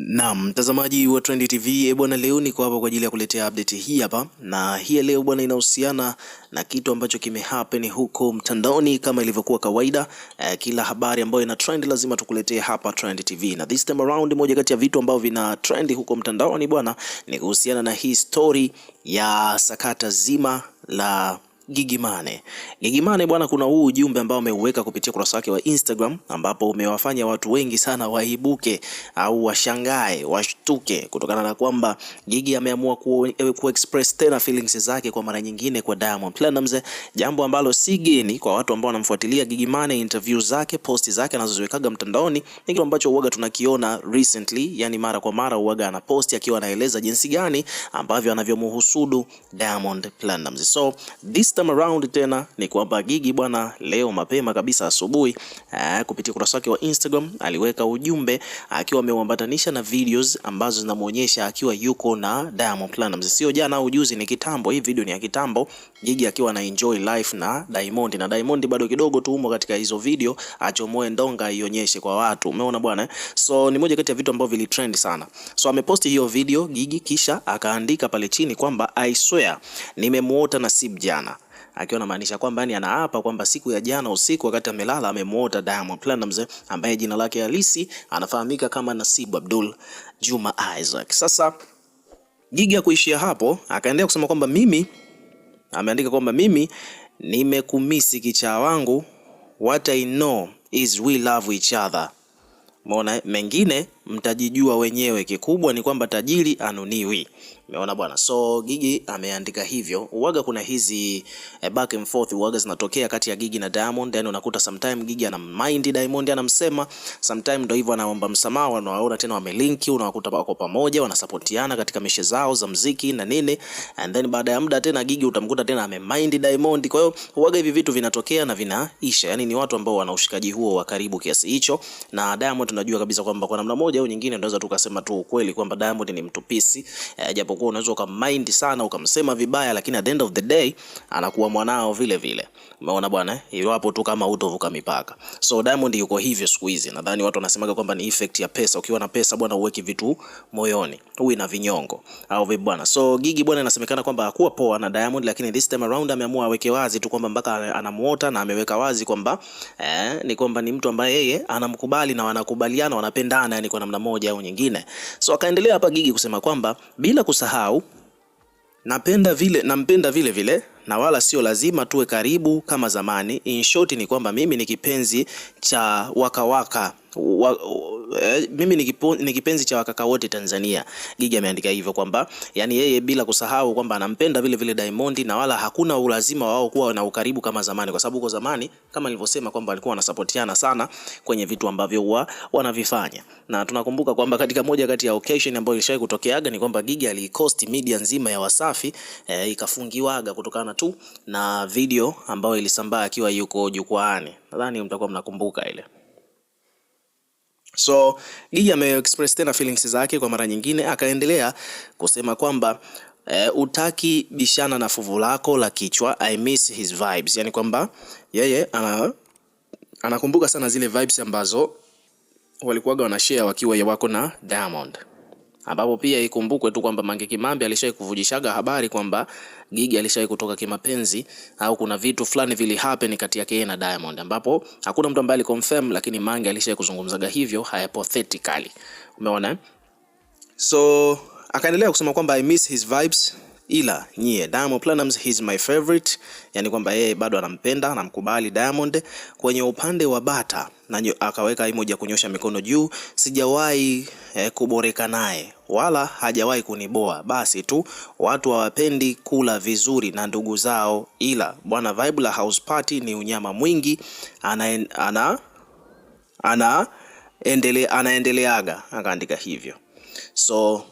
Naam, mtazamaji wa Trend TV, eh, bwana, leo niko hapa kwa ajili ya kuletea update hii hapa, na hii leo bwana inahusiana na kitu ambacho kimehappen huko mtandaoni kama ilivyokuwa kawaida. Eh, kila habari ambayo ina trend lazima tukuletee hapa Trend TV, na this time around, moja kati ya vitu ambavyo vina trend huko mtandaoni bwana ni kuhusiana na hii story ya sakata zima la Gigimane. Gigimane bwana, kuna huu ujumbe ambao ameuweka kupitia kurasa wake wa Instagram ambapo umewafanya watu wengi sana waibuke au washangae, washtuke kutokana na kwamba Gigi ameamua ku eh, express tena feelings zake kwa mara nyingine kwa Diamond Platinumz, jambo ambalo si geni kwa watu ambao wanamfuatilia Gigimane. Interview zake, post zake anazoziwekaga mtandaoni ni kitu ambacho uoga tunakiona recently, yani mara kwa mara uoga ana post akiwa anaeleza jinsi gani ambavyo anavyomhusudu Diamond Platinumz. So this time around tena ni kwamba Gigi bwana, leo mapema kabisa asubuhi, eh, kupitia ukurasa wake wa Instagram aliweka ujumbe akiwa ameuambatanisha na videos ambazo zinamuonyesha akiwa yuko na Diamond Platnumz. Sio jana au juzi, ni kitambo. Hii video ni ya kitambo, Gigi akiwa na enjoy life na Diamond, na Diamond bado kidogo tu umo katika hizo video, achomoe ndonga ionyeshe kwa watu, umeona bwana. Eh? So ni moja kati ya vitu ambavyo vilitrend sana. So ameposti hiyo video Gigi, kisha akaandika pale chini kwamba I swear nimemuota na Sib jana akiwa anamaanisha kwamba yani anaapa kwamba siku ya jana usiku wakati amelala amemuota Diamond Platinumz ambaye jina lake halisi anafahamika kama Nasibu Abdul Juma Isaac. Sasa Gigi kuishia hapo, akaendelea kusema kwamba mimi, ameandika kwamba mimi nimekumisi kichaa wangu, what I know is we love each other. Mbona mengine mtajijua wenyewe. Kikubwa ni kwamba tajiri anuniwi. Umeona bwana, so Gigi ameandika hivyo. Uwaga kuna hizi eh, back and forth uwaga zinatokea kati ya Gigi na Diamond, yani unakuta sometime Gigi ana mind Diamond anamsema, sometime ndio hivyo anaomba msamaha, wanaona tena wamelinki, unawakuta wako pamoja, wanasapotiana katika mishe zao za mziki na nini, and then baada ya muda tena Gigi utamkuta tena amemind Diamond. Kwa hiyo uwaga hivi vitu vinatokea na vinaisha, yani ni watu ambao wana ushikaji huo wa karibu kiasi hicho, na Diamond tunajua kabisa kwamba kwa namna moja moja au nyingine unaweza tukasema tu ukweli kwamba Diamond ni mtu pisi e, eh, japokuwa unaweza ukamind sana ukamsema vibaya, lakini at the end of the day anakuwa mwanao vile vile. Umeona bwana, eh? iwapo tu kama utovuka mipaka. So Diamond yuko hivyo siku hizi, nadhani watu wanasemaga kwamba ni effect ya pesa. Ukiwa na pesa bwana, uweki vitu moyoni, huwi na vinyongo au vipi bwana. So Gigi bwana, inasemekana kwamba hakuwa poa na Diamond, lakini this time around ameamua aweke wazi tu kwamba mpaka anamuota na ameweka wazi kwamba eh, ni kwamba ni mtu ambaye yeye anamkubali na wanakubaliana wanapendana, yani kwa namna moja au nyingine. So akaendelea hapa Gigi kusema kwamba bila kusahau napenda vile, nampenda vile vile na wala sio lazima tuwe karibu kama zamani. In short ni kwamba mimi ni kipenzi cha wakawaka waka wa, wa, eh, mimi ni kipenzi cha wakaka wote Tanzania. Gigi ameandika hivyo kwamba yani yeye bila kusahau kwamba anampenda vile vile Diamond na wala hakuna ulazima wao kuwa na ukaribu kama zamani, kwa sababu kwa zamani kama nilivyosema kwamba walikuwa wanasapotiana sana kwenye vitu ambavyo huwa wanavifanya, na tunakumbuka kwamba katika moja kati ya occasion ambayo ilishawahi kutokeaga ni kwamba Gigi alikosti media nzima ya Wasafi e, ikafungiwaga kutokana tu na video ambayo ilisambaa akiwa yuko jukwaani. Nadhani mtakuwa mnakumbuka ile. So Gigi ameexpress tena feelings zake kwa mara nyingine, akaendelea kusema kwamba e, eh, utaki bishana na fuvu lako la kichwa, I miss his vibes. Yani kwamba yeye ana, anakumbuka sana zile vibes ambazo walikuwaga wanashare wakiwa wako na Diamond ambapo pia ikumbukwe tu kwamba Mange Kimambi alishawahi kuvujishaga habari kwamba Gigi alishawahi kutoka kimapenzi au kuna vitu fulani vili happen kati yake na Diamond, ambapo hakuna mtu ambaye aliconfirm, lakini Mange alishawahi kuzungumzaga hivyo hypothetically, umeona. Eh? So akaendelea kusema kwamba I miss his vibes ila nyie, Diamond Platnumz he's my favorite, yani kwamba yeye bado anampenda anamkubali Diamond. Kwenye upande wa bata na akaweka emoji ya kunyosha mikono juu, sijawahi eh, kuboreka naye wala hajawahi kuniboa. Basi tu watu hawapendi kula vizuri na ndugu zao, ila bwana vibe la house party ni unyama mwingi ana, ana, ana, endele, anaendeleaga akaandika hivyo so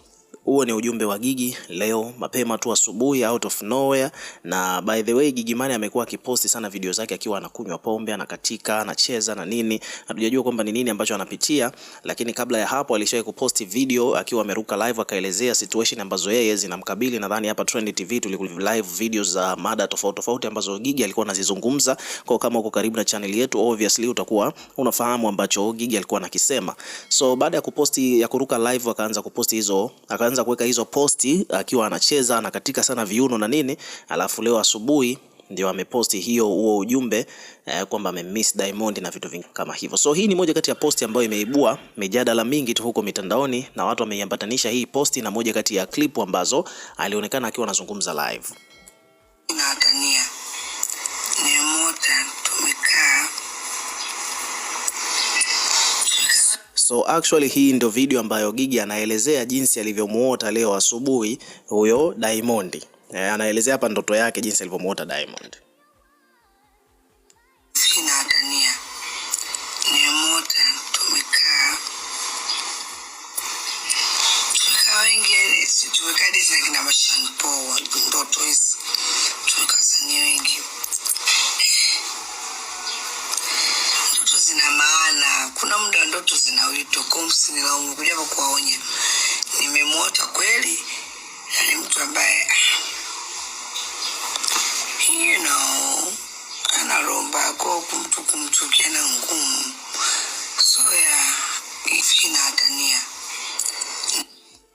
huo ni ujumbe wa Gigi leo mapema tu asubuhi, out of nowhere. Na by the way, Gigi Mane amekuwa akiposti sana video zake akiwa anakunywa pombe, anakatika, anacheza na nini. Hatujajua kwamba ni nini ambacho anapitia, lakini kabla ya hapo alishawahi kuposti video akiwa ameruka live, akaelezea situation ambazo yeye zinamkabili. Nadhani hapa Trend TV live video za mada tofauti tofauti ambazo Gigi alikuwa anazizungumza. Kwa kama uko karibu na channel yetu, obviously utakuwa unafahamu ambacho Gigi alikuwa anakisema. So baada ya kuposti ya kuruka live, akaanza kuposti hizo akaanza alianza kuweka hizo posti akiwa anacheza anakatika sana viuno na nini, alafu leo asubuhi ndio ameposti hiyo huo ujumbe eh, kwamba amemiss Diamond na vitu vingi kama hivyo. So hii ni moja kati ya posti ambayo imeibua mijadala mingi tu huko mitandaoni na watu wameiambatanisha hii posti na moja kati ya klipu ambazo alionekana akiwa anazungumza live. So actually hii ndio video ambayo Gigi anaelezea jinsi alivyomuota leo asubuhi huyo Diamond. Eh, anaelezea hapa ndoto yake jinsi alivyomuota Diamond. zetu zinawitwa kumsinilaumu kujapo kuwaonya. Nimemwota kweli na ni mtu ambaye you know, ana roho mbaya kwao, kumtu kumchukia na ngumu so yeah, ifi inatania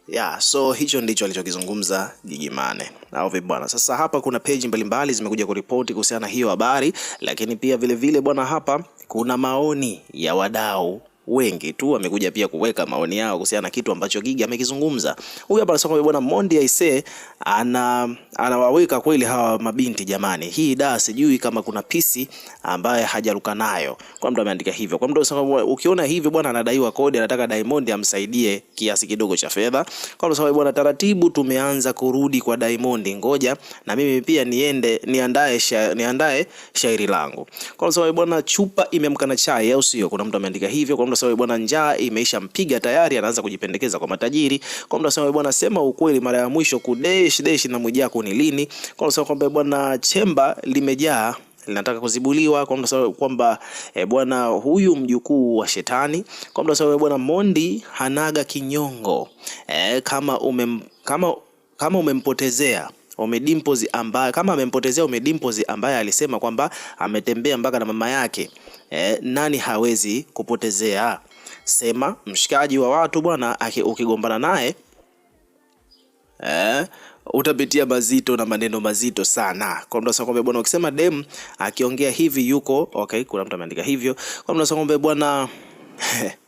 Yeah, so hicho ndicho alichokizungumza Gigy Money au vipi bwana? Sasa hapa kuna peji mbalimbali zimekuja kuripoti kuhusiana hiyo habari, lakini pia vile vile bwana, hapa kuna maoni ya wadau wengi tu wamekuja pia kuweka maoni yao kuhusiana na kitu ambacho Gigy amekizungumza. Huyu hapa anasema bwana Mondi aise ana anawaweka kweli hawa mabinti jamani. Hii da sijui kama kuna pisi ambaye hajaruka nayo. Kwa mtu ameandika hivyo. Kwa mtu anasema ukiona hivyo bwana anadaiwa kodi, anataka Diamond amsaidie kiasi kidogo cha fedha. Kwa mtu anasema bwana, taratibu tumeanza kurudi kwa Diamond, ngoja na mimi pia niende niandae sha, niandae shairi langu. Kwa mtu anasema bwana, chupa imemkana chai au sio? Kuna mtu ameandika hivyo. Kwa mnasema bwana, njaa imeisha mpiga tayari, anaanza kujipendekeza kwa matajiri. Kwa mnasema bwana, sema ukweli, mara ya mwisho kudesh desh na Mwijaku ni lini? Kwa mnasema kwamba bwana, chemba limejaa linataka kuzibuliwa kwa sababu kwamba e, bwana huyu mjukuu wa shetani, kwa sababu bwana Mondi hanaga kinyongo e, kama umem, kama kama umempotezea umedimpozi ambaye kama amempotezea umedimpozi ambaye alisema kwamba ametembea mpaka na mama yake eh, nani hawezi kupotezea? Sema mshikaji wa watu bwana, ukigombana naye eh, utapitia mazito na maneno mazito sana. Kwa mtu anakwambia bwana, ukisema dem akiongea hivi yuko okay. Kuna mtu ameandika hivyo. Kwa mtu anakwambia bwana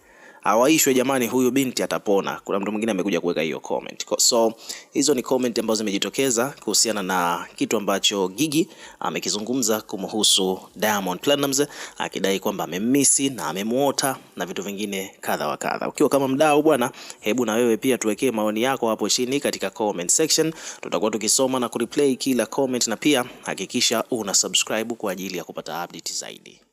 hawaishwe jamani, huyu binti atapona. Kuna mtu mwingine amekuja kuweka hiyo comment. So hizo ni comment ambazo zimejitokeza kuhusiana na kitu ambacho Gigi amekizungumza kumhusu Diamond Platinumz akidai kwamba amemmisi na amemwota na vitu vingine kadha wa kadha. Ukiwa kama mdau bwana, hebu na wewe pia tuwekee maoni yako hapo chini katika comment section, tutakuwa tukisoma na kureplay kila comment, na pia hakikisha una subscribe kwa ajili ya kupata update zaidi.